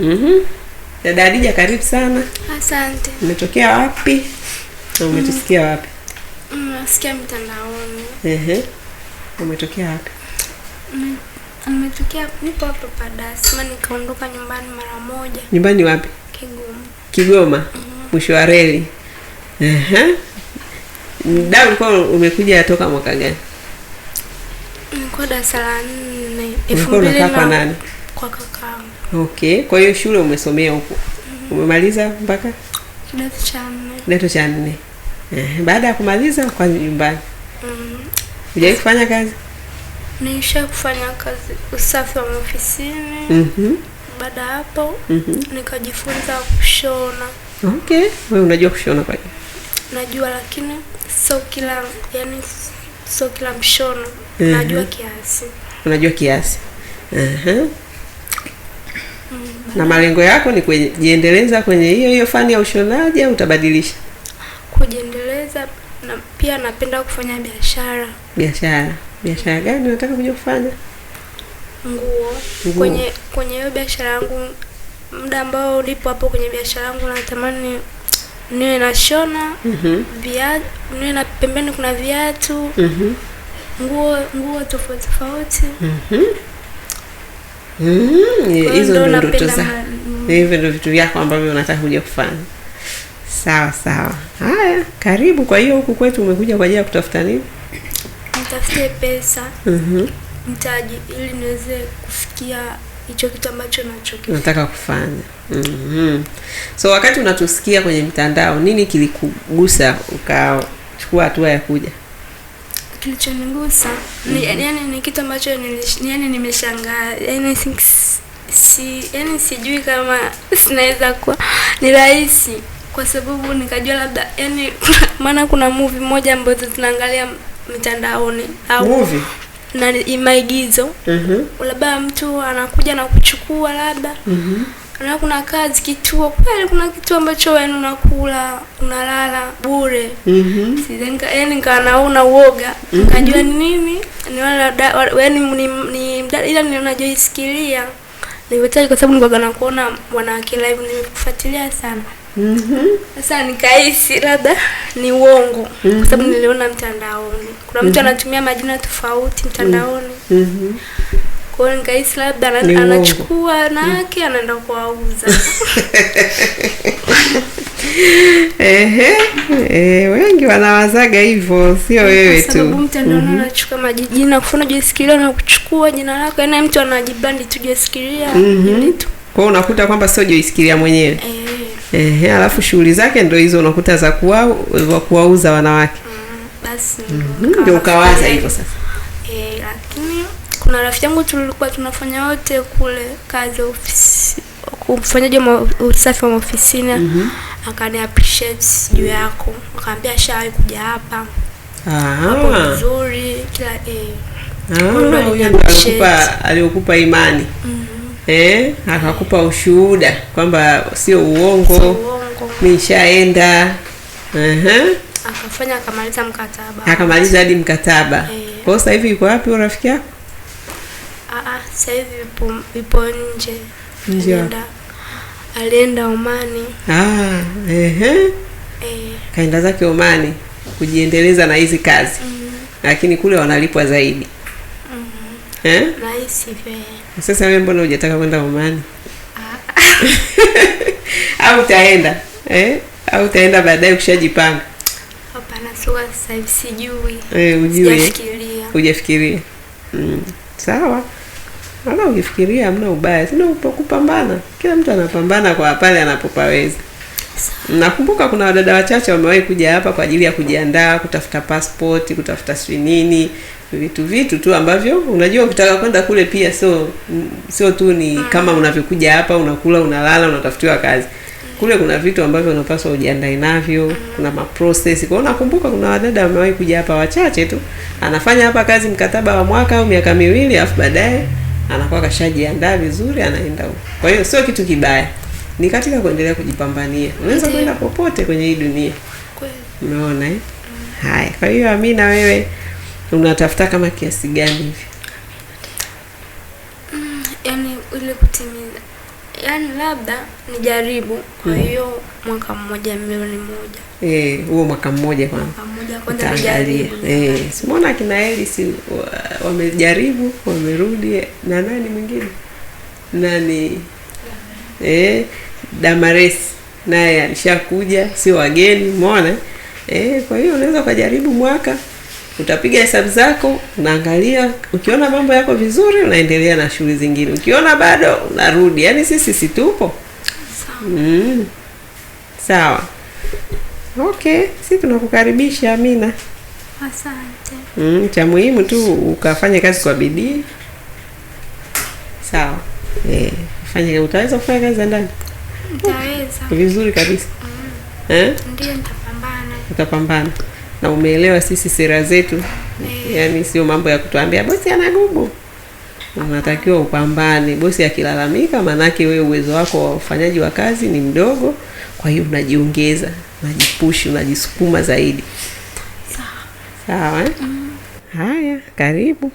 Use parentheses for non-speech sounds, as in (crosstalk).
Mhm. Dada Adija karibu sana. Asante. Umetokea wapi? Na umetusikia wapi? Mm, nasikia mtandaoni. Ehe. Umetokea wapi? Mm, umetokea nipo hapa Padas, Padasma nikaondoka nyumbani mara moja. Nyumbani wapi? Kigoma. Kigoma. Mhm. Mwisho wa reli. Ehe. Dada ulikuwa umekuja toka mwaka gani? Nilikuwa darasa la 4. Ulikuwa unakaa kwa nani? kwa kakaangu. Okay, kwa hiyo shule umesomea huko mm -hmm. umemaliza mpaka kidato cha nne. Eh, baada ya kumaliza kwa nyumbani mm. Hujawahi kufanya kazi? Nisha kufanya kazi usafi wa ofisini mm -hmm. Baada hapo mm -hmm. nikajifunza kushona. Okay, wewe unajua kushona kwa hiyo? Najua lakini sio kila yani sio kila mshono. mm -hmm. Najua kiasi. Unajua kiasi. uh -huh na malengo yako ni kujiendeleza kwenye hiyo hiyo fani ya ushonaji au utabadilisha? Kujiendeleza na pia napenda kufanya biashara. Biashara, biashara gani unataka kuja kufanya? Nguo. Kwenye kwenye hiyo biashara yangu, muda ambao ulipo hapo kwenye biashara yangu, natamani niwe nashona mm -hmm. viatu, niwe na pembeni kuna viatu mm -hmm. nguo nguo tofauti tofauti mm -hmm. Hmm, hizo ndo ndoto za hivyo ndo vitu vyako ambavyo unataka kuja kufanya sawa sawa haya karibu kwa hiyo huku kwetu umekuja kwa ajili ya kutafuta nini nitafute pesa mm-hmm. mtaji ili niweze kufikia hicho kitu ambacho nachokifanya nataka kufanya mm-hmm. so wakati unatusikia kwenye mtandao nini kilikugusa ukachukua hatua ya kuja kilichonigusa ni mhm. yani ni kitu ambacho yani nimeshangaa yani si yani sijui kama (laughs) sinaweza kuwa ni rahisi kwa sababu nikajua labda yani (laughs) maana kuna movie moja ambazo tunaangalia mitandaoni au movie na maigizo mm -hmm. labda mtu anakuja na kuchukua labda mm -hmm na kuna kazi kituo kweli, kuna kituo ambacho wewe yaani unakula unalala bure. mm -hmm. Yani una uoga mm -hmm. Nkajua ni nini ni wala yani ni, ni, ila ninajisikilia nilitaka kwa sababu nilikuwa nakuona kuona wanawake live, nimekufuatilia sana Mhm. Mm Sasa nikahisi labda ni uongo mm -hmm. kwa mhm. sababu niliona mtandaoni kuna mtu mm -hmm. anatumia majina tofauti mtandaoni. Mhm. Mm Nikahisi labda anachukua anaenda kuwauza. (laughs) Eh, wengi wanawazaga hivyo, sio wewe tu. mtandaoni mhm. kufuna na kuchukua jina lako, yaani mtu anajibandi tu mhm. unakuta kwamba sio joisikiria mwenyewe. Eh. ehe alafu shughuli zake ndio hizo unakuta za kuwa kuwauza wanawake. Ah, basi mhm. ndio ukawaza hivyo sasa. Eh, lakini kuna rafiki yangu tulikuwa tunafanya wote kule kazi ofisi ufanyaji wa usafi wa maofisini mm -hmm. akani appreciate juu yako akaambia shawahi kuja hapa ah. hapo vizuri kila eh ah, aliokupa imani mm -hmm. eh akakupa ushuhuda kwamba sio uongo, uongo. nishaenda uh -huh. akafanya akamaliza mkataba akamaliza hadi mkataba eh. kwao sasa hivi yuko wapi rafiki yako sasa hivi ipo, ipo nje alienda, alienda Omani. Ah, ehe. E. Kaenda zake Omani kujiendeleza na hizi kazi mm. Lakini kule wanalipwa zaidi mm. Eh? Sasa wewe mbona hujataka kwenda Omani? Ah. (laughs) au utaenda eh? au utaenda baadaye ukishajipanga? Hapana, sasa hivi sijui. Eh, ujue. Hujafikiria. Mm. Sawa wala ukifikiria hamna ubaya, sina kupambana. Kila mtu anapambana kwa pale anapopaweza. Nakumbuka kuna wadada wachache wamewahi kuja hapa kwa ajili ya kujiandaa, kutafuta passport, kutafuta si nini, vitu vitu tu ambavyo unajua ukitaka kwenda kule pia sio sio tu ni mm. kama unavyokuja hapa unakula, unalala, unatafutiwa kazi. Kule kuna vitu ambavyo unapaswa ujiandae navyo, kuna mm. maprocess. Kwa hiyo nakumbuka kuna wadada wamewahi kuja hapa wachache tu. Anafanya hapa kazi mkataba wa mwaka au miaka miwili afu baadaye anakuwa kashajiandaa vizuri, anaenda huko. Kwa hiyo sio kitu kibaya, ni katika kuendelea kujipambania. Unaweza kwenda popote kwenye hii dunia, umeona eh? Haya, kwa hiyo Amina, wewe unatafuta kama kiasi gani hivi? Mm, yani yani labda nijaribu, kwa mm. hiyo mwaka mmoja, milioni moja. Eh, huo mwaka mmoja kwanza Eh, simwona akina Eli si wamejaribu wamerudi, na nani mwingine nani eh, Damaresi naye alishakuja, sio wageni, umeona eh. Kwa hiyo unaweza ukajaribu mwaka, utapiga hesabu zako, unaangalia, ukiona mambo yako vizuri, unaendelea na shughuli zingine, ukiona bado unarudi. Yaani sisi situpo mm. Sawa. Okay, si tunakukaribisha Amina. Asante. Mm, cha muhimu tu ukafanye kazi kwa bidii sawa. Eh, fanya utaweza kufanya kazi ndani? Nitaweza. Vizuri kabisa. Mm. Eh? Ndio nitapambana. Utapambana. Na umeelewa sisi sera zetu e. Yaani sio mambo ya kutuambia bosi ana gubu. Unatakiwa upambane. Bosi akilalamika, maanake wewe uwezo wako wa ufanyaji wa kazi ni mdogo. Kwa hiyo unajiongeza, unajipushi, unajisukuma zaidi. Sawa sawa, eh? mm. Haya, karibu.